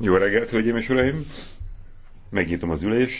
Jó reggelt, hölgyeim és uraim! Megnyitom az ülést.